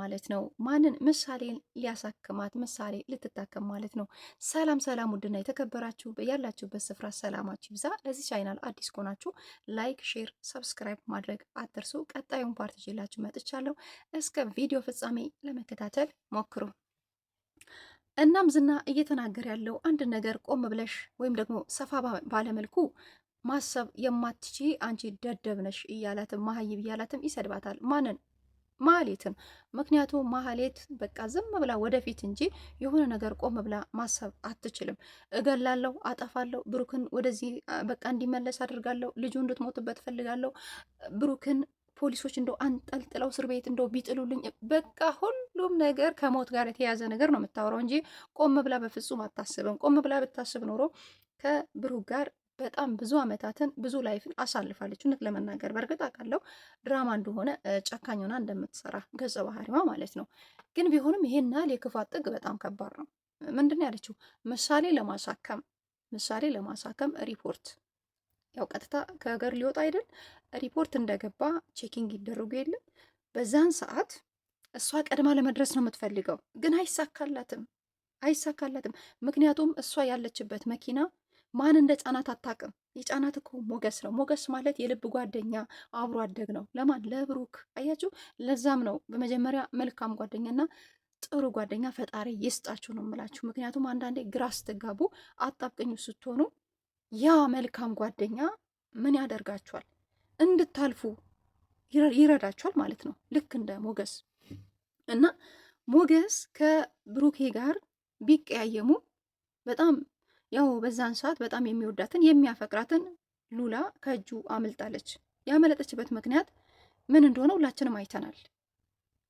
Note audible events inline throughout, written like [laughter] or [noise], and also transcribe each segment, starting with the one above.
ማለት ነው። ማንን? ምሳሌ ሊያሳክማት ምሳሌ ልትታከም ማለት ነው። ሰላም ሰላም! ውድና የተከበራችሁ ያላችሁበት ስፍራ ሰላማችሁ ይብዛ። ለዚህ ቻይናል አዲስ ከሆናችሁ ላይክ፣ ሼር፣ ሰብስክራይብ ማድረግ አትርሱ። ቀጣዩን ፓርት ይዤላችሁ መጥቻለሁ። እስከ ቪዲዮ ፍጻሜ ለመከታተል ሞክሩ። እናም ዝና እየተናገር ያለው አንድ ነገር ቆም ብለሽ ወይም ደግሞ ሰፋ ባለመልኩ ማሰብ የማትች አንቺ ደደብ ነሽ እያላትም ማህይብ እያላትም ይሰድባታል። ማንን? ማህሌትን። ምክንያቱም ማህሌት በቃ ዝም ብላ ወደፊት እንጂ የሆነ ነገር ቆም ብላ ማሰብ አትችልም። እገላለሁ፣ አጠፋለሁ፣ ብሩክን ወደዚህ በቃ እንዲመለስ አድርጋለሁ፣ ልጁ እንድትሞትበት ፈልጋለሁ፣ ብሩክን ፖሊሶች እንደው አንጠልጥለው እስር ቤት እንደው ቢጥሉልኝ፣ በቃ ሁሉም ነገር ከሞት ጋር የተያዘ ነገር ነው የምታወራው እንጂ ቆም ብላ በፍጹም አታስብም። ቆም ብላ ብታስብ ኖሮ ከብሩክ ጋር በጣም ብዙ አመታትን ብዙ ላይፍን አሳልፋለች። እውነት ለመናገር በእርግጥ አውቃለሁ ድራማ እንደሆነ ጨካኝ ሆና እንደምትሰራ ገጸ ባህሪዋ ማለት ነው። ግን ቢሆንም ይሄን ያህል የክፋት ጥግ በጣም ከባድ ነው። ምንድን ያለችው ምሳሌ ለማሳከም ምሳሌ ለማሳከም ሪፖርት ያው ቀጥታ ከሀገር ሊወጣ አይደል ሪፖርት እንደገባ ቼኪንግ ይደረጉ የለም በዛን ሰዓት እሷ ቀድማ ለመድረስ ነው የምትፈልገው፣ ግን አይሳካላትም አይሳካላትም። ምክንያቱም እሷ ያለችበት መኪና ማን እንደ ጫናት አታውቅም። የጫናት እኮ ሞገስ ነው። ሞገስ ማለት የልብ ጓደኛ አብሮ አደግ ነው። ለማን ለብሩክ። አያችሁ፣ ለዛም ነው በመጀመሪያ መልካም ጓደኛና ጥሩ ጓደኛ ፈጣሪ ይስጣችሁ ነው የምላችሁ። ምክንያቱም አንዳንዴ ግራ ስትጋቡ አጣብቀኙ ስትሆኑ ያ መልካም ጓደኛ ምን ያደርጋችኋል? እንድታልፉ ይረዳችኋል ማለት ነው። ልክ እንደ ሞገስ እና ሞገስ ከብሩኬ ጋር ቢቀያየሙ በጣም ያው በዛን ሰዓት በጣም የሚወዳትን የሚያፈቅራትን ሉላ ከእጁ አመልጣለች። ያመለጠችበት ምክንያት ምን እንደሆነ ሁላችንም አይተናል።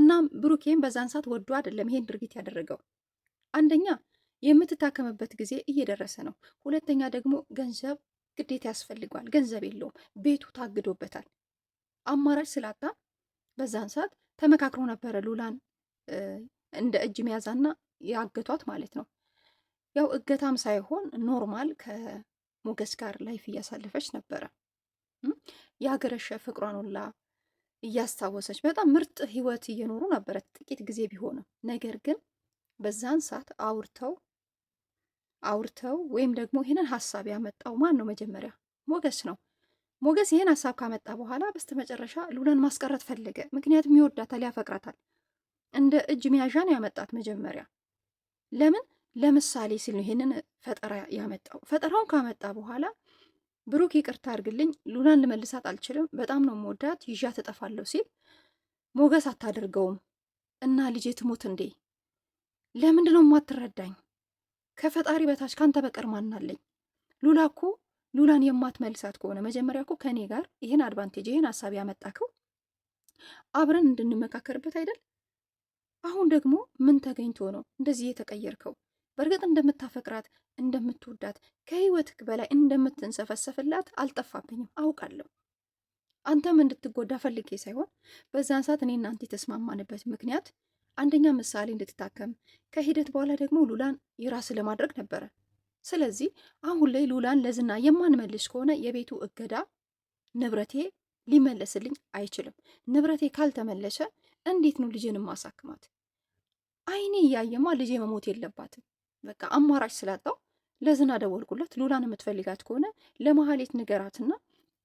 እናም ብሩኬም በዛን ሰዓት ወዶ አይደለም ይሄን ድርጊት ያደረገው። አንደኛ የምትታከምበት ጊዜ እየደረሰ ነው። ሁለተኛ ደግሞ ገንዘብ ግዴታ ያስፈልገዋል። ገንዘብ የለውም፣ ቤቱ ታግዶበታል። አማራጭ ስላጣ በዛን ሰዓት ተመካክሮ ነበረ ሉላን እንደ እጅ መያዛና ያገቷት ማለት ነው። ያው እገታም ሳይሆን ኖርማል ከሞገስ ጋር ላይፍ እያሳለፈች ነበረ። የሀገረሸ ፍቅሯን ሁላ እያስታወሰች በጣም ምርጥ ህይወት እየኖሩ ነበረ ጥቂት ጊዜ ቢሆንም። ነገር ግን በዛን ሰዓት አውርተው አውርተው ወይም ደግሞ ይህንን ሀሳብ ያመጣው ማን ነው? መጀመሪያ ሞገስ ነው። ሞገስ ይህን ሀሳብ ካመጣ በኋላ በስተመጨረሻ ሉላን ማስቀረት ፈለገ። ምክንያቱም ይወዳታል፣ ያፈቅራታል። እንደ እጅ መያዣ ነው ያመጣት መጀመሪያ። ለምን ለምሳሌ ሲል ነው ይሄንን ፈጠራ ያመጣው። ፈጠራውን ካመጣ በኋላ ብሩክ ይቅርታ አድርግልኝ፣ ሉናን ልመልሳት አልችልም፣ በጣም ነው መወዳት፣ ይዣ ትጠፋለሁ ሲል ሞገስ አታደርገውም እና ልጄ ትሙት እንዴ? ለምንድን ነው የማትረዳኝ? ከፈጣሪ በታች ካንተ በቀር ማናለኝ? ሉላ እኮ ሉላን የማትመልሳት ከሆነ መጀመሪያ እኮ ከእኔ ጋር ይህን አድቫንቴጅ ይህን ሀሳብ ያመጣከው አብረን እንድንመካከርበት አይደል? አሁን ደግሞ ምን ተገኝቶ ነው እንደዚህ የተቀየርከው? በእርግጥ እንደምታፈቅራት እንደምትወዳት ከህይወትህ በላይ እንደምትንሰፈሰፍላት አልጠፋብኝም፣ አውቃለሁ። አንተም እንድትጎዳ ፈልጌ ሳይሆን በዛን ሰዓት እኔ እናንተ የተስማማንበት ምክንያት አንደኛ ምሳሌ እንድትታከም ከሂደት በኋላ ደግሞ ሉላን የራስ ለማድረግ ነበረ። ስለዚህ አሁን ላይ ሉላን ለዝና የማንመልስ ከሆነ የቤቱ እገዳ ንብረቴ ሊመለስልኝ አይችልም። ንብረቴ ካልተመለሰ እንዴት ነው ልጄን ማሳክማት? አይኔ እያየማ ልጄ መሞት የለባትም። በቃ አማራጭ ስላጣው ለዝና ደወልኩለት። ሉላን የምትፈልጋት ከሆነ ለመሀሌት ንገራትና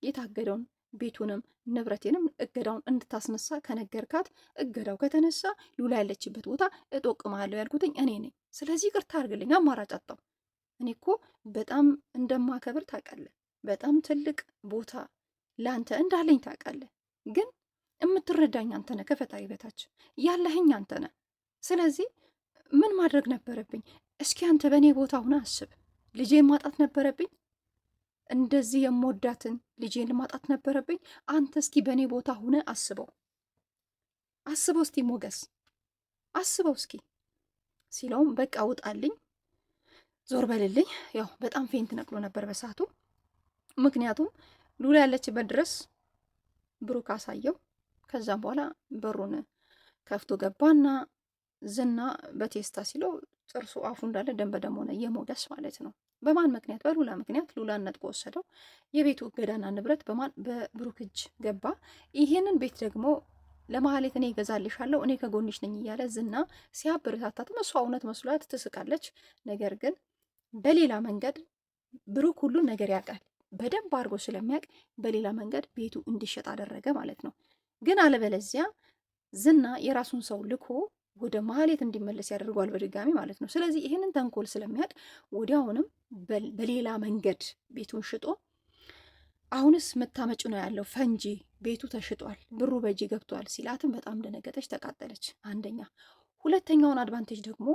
የታገደውን ቤቱንም ንብረቴንም እገዳውን እንድታስነሳ ከነገርካት እገዳው ከተነሳ ሉላ ያለችበት ቦታ እጠቁምሃለሁ ያልኩትኝ እኔ ነኝ። ስለዚህ ቅርታ አድርግልኝ፣ አማራጭ አጣው። እኔ እኮ በጣም እንደማከብር ታውቃለህ። በጣም ትልቅ ቦታ ለአንተ እንዳለኝ ታውቃለህ። ግን የምትረዳኝ አንተ ነህ፣ ከፈጣሪ በታች ያለህኝ አንተ ነህ። ስለዚህ ምን ማድረግ ነበረብኝ? እስኪ አንተ በእኔ ቦታ ሁነ አስብ። ልጄን ማጣት ነበረብኝ? እንደዚህ የምወዳትን ልጄን ማጣት ነበረብኝ? አንተ እስኪ በእኔ ቦታ ሁነ አስበው፣ አስበው እስኪ ሞገስ፣ አስበው እስኪ ሲለውም በቃ ውጣልኝ፣ ዞር በልልኝ። ያው በጣም ፌንት ነቅሎ ነበር በሰዓቱ። ምክንያቱም ሉላ ያለችበት ድረስ ብሩክ አሳየው። ከዛም በኋላ በሩን ከፍቶ ገባና ዝና በቴስታ ሲለው ጥርሱ አፉ እንዳለ ደም በደም ሆነ። የሞገስ ማለት ነው። በማን ምክንያት? በሉላ ምክንያት። ሉላን ነጥቆ ወሰደው። የቤቱ ገዳና ንብረት በማን በብሩክ እጅ ገባ። ይሄንን ቤት ደግሞ ለማህሌት እኔ ይገዛልሻለሁ፣ እኔ ከጎንሽ ነኝ እያለ ዝና ሲያበረታታትም እሷ እውነት መስሏት ትስቃለች። ነገር ግን በሌላ መንገድ ብሩክ ሁሉን ነገር ያውቃል። በደንብ አድርጎ ስለሚያውቅ በሌላ መንገድ ቤቱ እንዲሸጥ አደረገ ማለት ነው። ግን አለበለዚያ ዝና የራሱን ሰው ልኮ ወደ ማህሌት እንዲመለስ ያደርገዋል በድጋሚ ማለት ነው። ስለዚህ ይህንን ተንኮል ስለሚያውቅ ወዲያውንም በሌላ መንገድ ቤቱን ሽጦ አሁንስ መታመጭ ነው ያለው ፈንጂ ቤቱ ተሽጧል፣ ብሩ በእጅ ገብቷል ሲላትም በጣም ደነገጠች፣ ተቃጠለች። አንደኛ ሁለተኛውን አድቫንቴጅ ደግሞ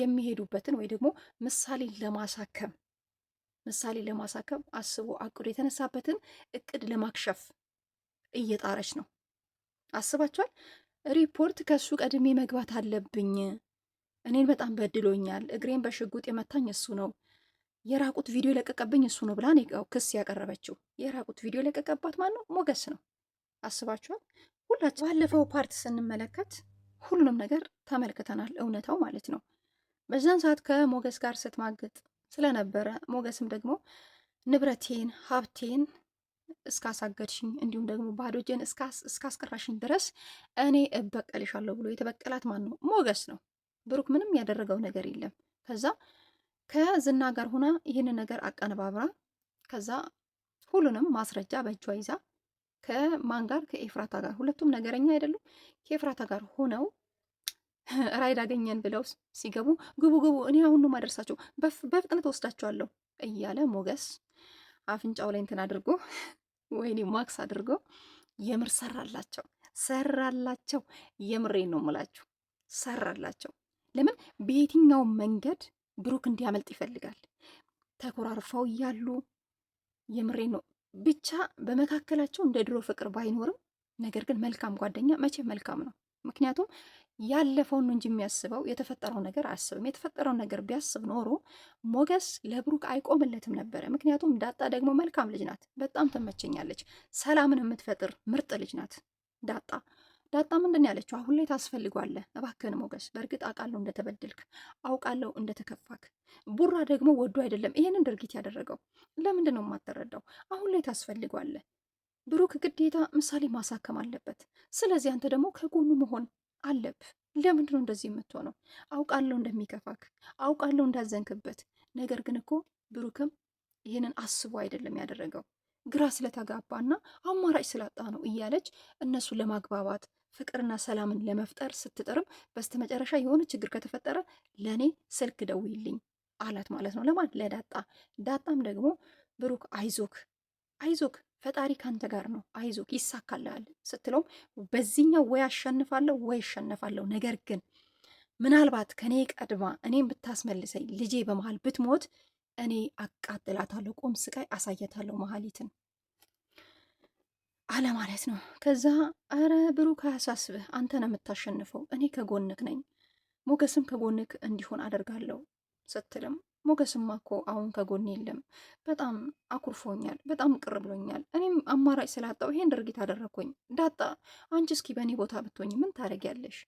የሚሄዱበትን ወይ ደግሞ ምሳሌን ለማሳከም ምሳሌ ለማሳከም አስቦ አቅዶ የተነሳበትን እቅድ ለማክሸፍ እየጣረች ነው። አስባችኋል። ሪፖርት ከሱ ቀድሜ መግባት አለብኝ። እኔን በጣም በድሎኛል። እግሬን በሽጉጥ የመታኝ እሱ ነው። የራቁት ቪዲዮ የለቀቀብኝ እሱ ነው ብላ ነው ክስ ያቀረበችው። የራቁት ቪዲዮ የለቀቀባት ማን ነው? ሞገስ ነው። አስባችኋል? ሁላችን ባለፈው ፓርት ስንመለከት ሁሉንም ነገር ተመልክተናል። እውነታው ማለት ነው። በዛን ሰዓት ከሞገስ ጋር ስትማግጥ ስለነበረ ሞገስም ደግሞ ንብረቴን ሀብቴን እስካሳገድሽኝ እንዲሁም ደግሞ ባዶ እጄን እስካስቀራሽኝ ድረስ እኔ እበቀልሻለሁ ብሎ የተበቀላት ማን ነው? ሞገስ ነው። ብሩክ ምንም ያደረገው ነገር የለም። ከዛ ከዝና ጋር ሆና ይህን ነገር አቀነባብራ ከዛ ሁሉንም ማስረጃ በእጇ ይዛ ከማን ጋር ከኤፍራታ ጋር ሁለቱም ነገረኛ አይደሉም። ከኤፍራታ ጋር ሆነው ራይድ አገኘን ብለው ሲገቡ ግቡ ግቡ፣ እኔ አሁን ነው ማደርሳቸው፣ በፍጥነት ወስዳቸዋለሁ እያለ ሞገስ አፍንጫው ላይ እንትን አድርጎ [laughs] ወይኔ ማክስ አድርጎ የምር ሰራላቸው ሰራላቸው። የምሬን ነው የምላችሁ ሰራላቸው። ለምን በየትኛው መንገድ ብሩክ እንዲያመልጥ ይፈልጋል? ተኮራርፈው እያሉ የምሬን ነው ብቻ በመካከላቸው እንደ ድሮ ፍቅር ባይኖርም ነገር ግን መልካም ጓደኛ መቼም መልካም ነው። ምክንያቱም ያለፈውን እንጂ የሚያስበው የተፈጠረው ነገር አያስብም። የተፈጠረው ነገር ቢያስብ ኖሮ ሞገስ ለብሩክ አይቆምለትም ነበረ። ምክንያቱም ዳጣ ደግሞ መልካም ልጅ ናት፣ በጣም ተመቸኛለች፣ ሰላምን የምትፈጥር ምርጥ ልጅ ናት ዳጣ። ዳጣ ምንድን ነው ያለችው? አሁን ላይ ታስፈልጓለ እባክህን ሞገስ፣ በእርግጥ አውቃለሁ እንደተበደልክ፣ አውቃለሁ እንደተከፋክ። ቡራ ደግሞ ወዶ አይደለም ይሄንን ድርጊት ያደረገው። ለምንድን ነው የማትረዳው? አሁን ላይ ታስፈልጓለ ብሩክ ግዴታ ምሳሌ ማሳከም አለበት። ስለዚህ አንተ ደግሞ ከጎኑ መሆን አለብህ። ለምንድን ነው እንደዚህ የምትሆነው? አውቃለሁ እንደሚከፋክ፣ አውቃለሁ እንዳዘንክበት። ነገር ግን እኮ ብሩክም ይህንን አስቦ አይደለም ያደረገው ግራ ስለተጋባና አማራጭ ስላጣ ነው እያለች እነሱ ለማግባባት ፍቅርና ሰላምን ለመፍጠር ስትጥርም በስተመጨረሻ የሆነ ችግር ከተፈጠረ ለእኔ ስልክ ደውይልኝ አላት ማለት ነው። ለማን ለዳጣ። ዳጣም ደግሞ ብሩክ አይዞክ አይዞክ ፈጣሪ ካንተ ጋር ነው፣ አይዞህ ይሳካልሃል ስትለው በዚህኛው ወይ አሸንፋለሁ ወይ እሸነፋለሁ፣ ነገር ግን ምናልባት ከኔ ቀድማ እኔም ብታስመልሰኝ ልጄ በመሃል ብትሞት እኔ አቃጥላታለሁ፣ ቁም ስቃይ አሳያታለሁ መሀሊትን አለ ማለት ነው። ከዛ አረ ብሩክ አያሳስብህ፣ አንተ ነው የምታሸንፈው፣ እኔ ከጎንክ ነኝ፣ ሞገስም ከጎንክ እንዲሆን አደርጋለሁ ስትልም ሞገስማ እኮ አሁን ከጎን የለም። በጣም አኩርፎኛል፣ በጣም ቅር ብሎኛል። እኔም አማራጭ ስላጣው ይሄን ድርጊት አደረግኩኝ። ዳጣ አንቺ እስኪ በእኔ ቦታ ብትሆኝ ምን ታደርጊያለሽ?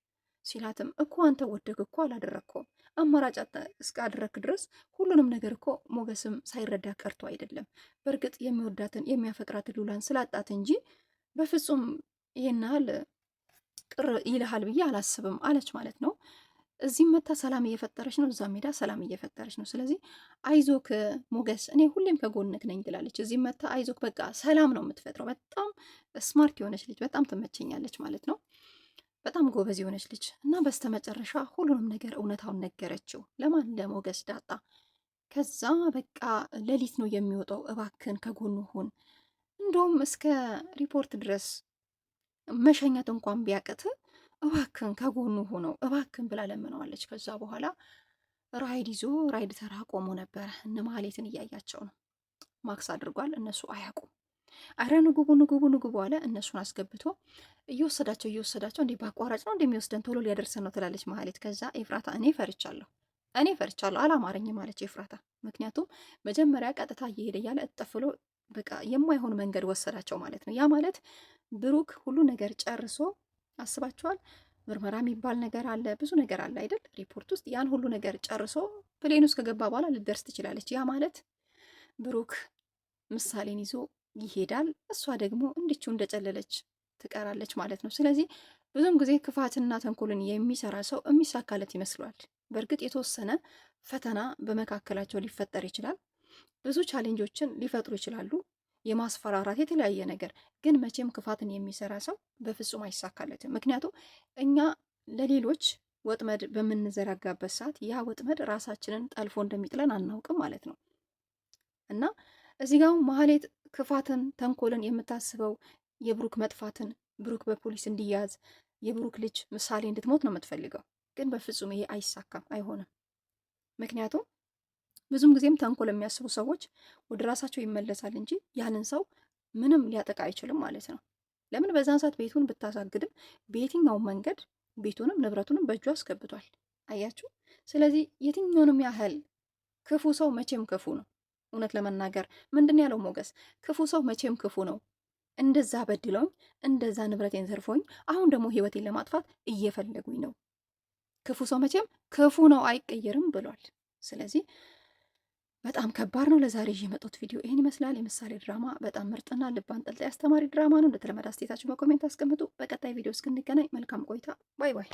ሲላትም እኮ አንተ ወደግ እኮ አላደረግከው አማራጭ እስካደረግክ ድረስ ሁሉንም ነገር እኮ ሞገስም ሳይረዳ ቀርቶ አይደለም። በእርግጥ የሚወዳትን የሚያፈቅራትን ሉላን ስላጣት እንጂ በፍጹም ይሄን ያህል ቅር ይልሃል ብዬ አላስብም አለች ማለት ነው። እዚህም መታ ሰላም እየፈጠረች ነው፣ እዛ ሜዳ ሰላም እየፈጠረች ነው። ስለዚህ አይዞክ ሞገስ፣ እኔ ሁሌም ከጎንክ ነኝ ትላለች። እዚህም መታ አይዞክ፣ በቃ ሰላም ነው የምትፈጥረው። በጣም ስማርት የሆነች ልጅ፣ በጣም ትመቸኛለች ማለት ነው። በጣም ጎበዝ የሆነች ልጅ እና በስተመጨረሻ ሁሉንም ነገር እውነታውን ነገረችው። ለማን? ለሞገስ ዳጣ። ከዛ በቃ ሌሊት ነው የሚወጣው፣ እባክን ከጎኑ ሁን። እንደውም እስከ ሪፖርት ድረስ መሸኘት እንኳን ቢያቅት እባክን ከጎኑ ሆነው እባክን ብላ ለምነዋለች። ከዛ በኋላ ራይድ ይዞ ራይድ ተራ ቆሞ ነበረ። እነ ማህሌትን እያያቸው ነው። ማክስ አድርጓል። እነሱ አያውቁም። አረ ንጉቡ ንጉቡ ንጉቡ አለ። እነሱን አስገብቶ እየወሰዳቸው እየወሰዳቸው እንዲህ በአቋራጭ ነው እንደሚወስደን ቶሎ ሊያደርሰን ነው ትላለች ማህሌት። ከዛ ኤፍራታ እኔ ፈርቻለሁ እኔ ፈርቻለሁ አላማረኝ ማለች ኤፍራታ። ምክንያቱም መጀመሪያ ቀጥታ እየሄደ እያለ እጠፍሎ በቃ የማይሆን መንገድ ወሰዳቸው ማለት ነው። ያ ማለት ብሩክ ሁሉ ነገር ጨርሶ አስባችኋል? ምርመራ የሚባል ነገር አለ፣ ብዙ ነገር አለ አይደል? ሪፖርት ውስጥ ያን ሁሉ ነገር ጨርሶ ፕሌን ውስጥ ከገባ በኋላ ልደርስ ትችላለች። ያ ማለት ብሩክ ምሳሌን ይዞ ይሄዳል፣ እሷ ደግሞ እንዲችው እንደጨለለች ትቀራለች ማለት ነው። ስለዚህ ብዙም ጊዜ ክፋትና ተንኮልን የሚሰራ ሰው የሚሳካለት ይመስሏል። በእርግጥ የተወሰነ ፈተና በመካከላቸው ሊፈጠር ይችላል። ብዙ ቻሌንጆችን ሊፈጥሩ ይችላሉ። የማስፈራራት የተለያየ ነገር ግን መቼም ክፋትን የሚሰራ ሰው በፍጹም አይሳካለትም። ምክንያቱም እኛ ለሌሎች ወጥመድ በምንዘረጋበት ሰዓት ያ ወጥመድ ራሳችንን ጠልፎ እንደሚጥለን አናውቅም ማለት ነው እና እዚህ ጋር ማህሌት ክፋትን፣ ተንኮልን የምታስበው የብሩክ መጥፋትን፣ ብሩክ በፖሊስ እንዲያዝ፣ የብሩክ ልጅ ምሳሌ እንድትሞት ነው የምትፈልገው። ግን በፍጹም ይሄ አይሳካም፣ አይሆንም። ምክንያቱም ብዙም ጊዜም ተንኮል የሚያስቡ ሰዎች ወደ ራሳቸው ይመለሳል እንጂ ያንን ሰው ምንም ሊያጠቃ አይችልም ማለት ነው። ለምን በዛን ሰዓት ቤቱን ብታሳግድም በየትኛው መንገድ ቤቱንም ንብረቱንም በእጁ አስገብቷል። አያችሁ። ስለዚህ የትኛውንም ያህል ክፉ ሰው መቼም ክፉ ነው። እውነት ለመናገር ምንድን ያለው ሞገስ ክፉ ሰው መቼም ክፉ ነው። እንደዛ በድለውኝ፣ እንደዛ ንብረቴን ዘርፎኝ፣ አሁን ደግሞ ህይወቴን ለማጥፋት እየፈለጉኝ ነው። ክፉ ሰው መቼም ክፉ ነው አይቀየርም ብሏል። ስለዚህ በጣም ከባድ ነው። ለዛሬ ይዤ የመጣሁት ቪዲዮ ይህን ይመስላል። የምሳሌ ድራማ በጣም ምርጥና ልብ አንጠልጣይ አስተማሪ ድራማ ነው። እንደተለመደ አስተያየታችሁ በኮሜንት አስቀምጡ። በቀጣይ ቪዲዮ እስክንገናኝ መልካም ቆይታ። ባይ ባይ።